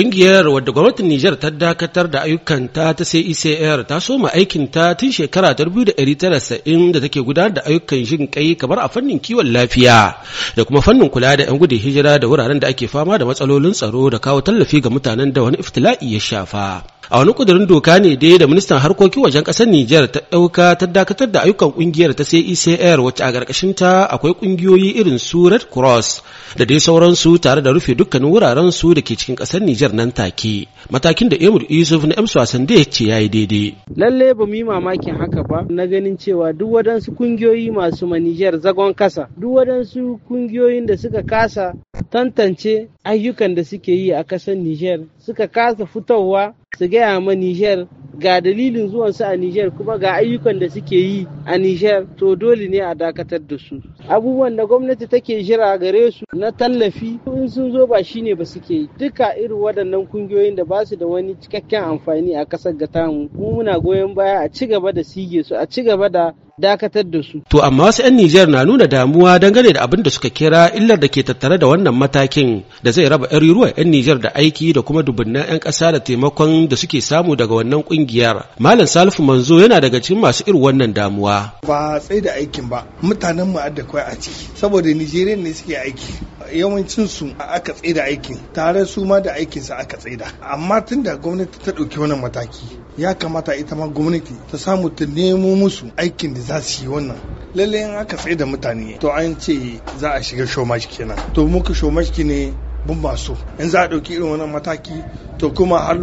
Ƙungiyar wadda gwamnatin Nijar ta dakatar da ayyukanta ta CECR ta soma aikinta tun shekara ta 1990 da take gudanar da ayyukan jin kai kamar a fannin kiwon lafiya da kuma fannin kula da 'yan gudun hijira da wuraren da ake fama da matsalolin tsaro da kawo tallafi ga mutanen da wani iftila'i ya shafa. a wani kudurin doka ne dai da ministan harkokin wajen kasar Nijar ta ɗauka ta dakatar da ayyukan kungiyar ta CECR wacce a ƙarƙashin ta akwai kungiyoyi irin su Red Cross da dai sauransu tare da rufe dukkanin wuraren su da ke cikin kasar Nijar nan take matakin da Emir Yusuf na Emsu Hassan da ya ce yayi daidai lalle ba mu yi mamakin haka ba na ganin cewa duk wadansu kungiyoyi masu ma Nijar zagon kasa duk wadansu kungiyoyin da suka kasa tantance ayyukan da suke yi a kasar Nijar suka kasa fitowa su gaya ma Nijar ga dalilin zuwansu a Nijar kuma ga ayyukan da suke yi a Nijar to dole ne a dakatar da su. Abubuwan da gwamnati take jira gare su na tallafi in sun zo ba shine ba suke yi. Duka irin waɗannan kungiyoyin da ba su da wani cikakken amfani a ƙasar ga tamu mu muna goyon baya a ci gaba da sige su a ci gaba da dakatar da su. To amma wasu 'yan Nijar na nuna damuwa dangane da abin da suka kira illar da ke tattare da wannan matakin da zai raba ruwa 'yan Nijar da aiki da kuma dubunnan 'yan ƙasa da taimakon da suke samu daga wannan ƙungiyar. Malam Salifu Manzo yana daga cikin masu irin wannan damuwa. Ba tsaye da aikin ba, mutanen mu adda a ciki, saboda Nijeriya ne suke aiki. yawancinsu aka tsaida aikin tare su ma da aikinsa aka tsaida amma tunda gwamnati ta ɗauki wannan mataki ya kamata ita ma gwamnati ta samu ta nemo musu aikin da za su yi wannan lallai in aka tsaida mutane to an ce za a shiga shomaji kenan to muka shomaji ne bin masu in za a ɗauki irin wannan mataki to kuma har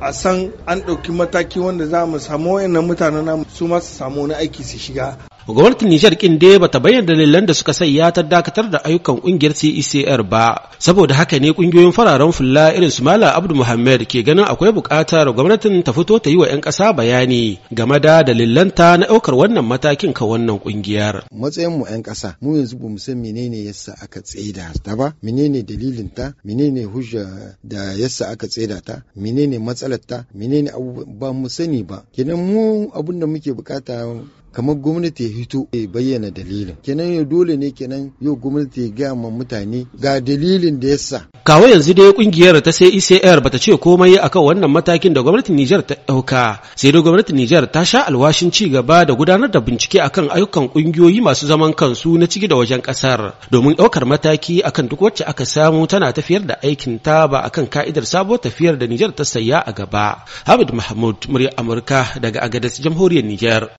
a san an ɗauki mataki wanda za mu samu wayannan mutanen su ma su samu wani aiki su shiga gwamnatin Nijar kin dai bata bayyana dalilan da suka sanya ta dakatar da ayyukan kungiyar CECR ba saboda haka ne kungiyoyin fararen fulla irin su Malam Abdu Muhammad ke ganin akwai buƙatar gwamnatin ta fito ta yi wa 'yan ƙasa bayani game da ta na ɗaukar wannan matakin ka wannan kungiyar. Matsayin mu 'yan ƙasa mu yanzu bamu san menene yasa aka tsaida ta ba menene dalilin ta menene hujja da yasa aka tsaida ta menene matsalar ta menene abu ba mu sani ba kenan mu abin da muke bukata kamar gwamnati ya hito ya bayyana dalilin kenan ya dole ne kenan yau gwamnati ya gaya ma mutane ga dalilin da yasa kawo yanzu dai kungiyar ta sai ICR e bata ce komai akan wannan matakin da gwamnatin Nijar ta dauka sai dai gwamnatin Nijar ta sha alwashin ci gaba da gudanar da bincike akan ayyukan kungiyoyi masu zaman kansu na ciki da wajen kasar domin daukar mataki akan duk wacce aka samu tana tafiyar da aikin ta ba akan ka'idar sabuwar tafiyar da Nijar ta saya a gaba Hamid Mahmud murya Amurka daga Agadez Jamhuriyar Nijar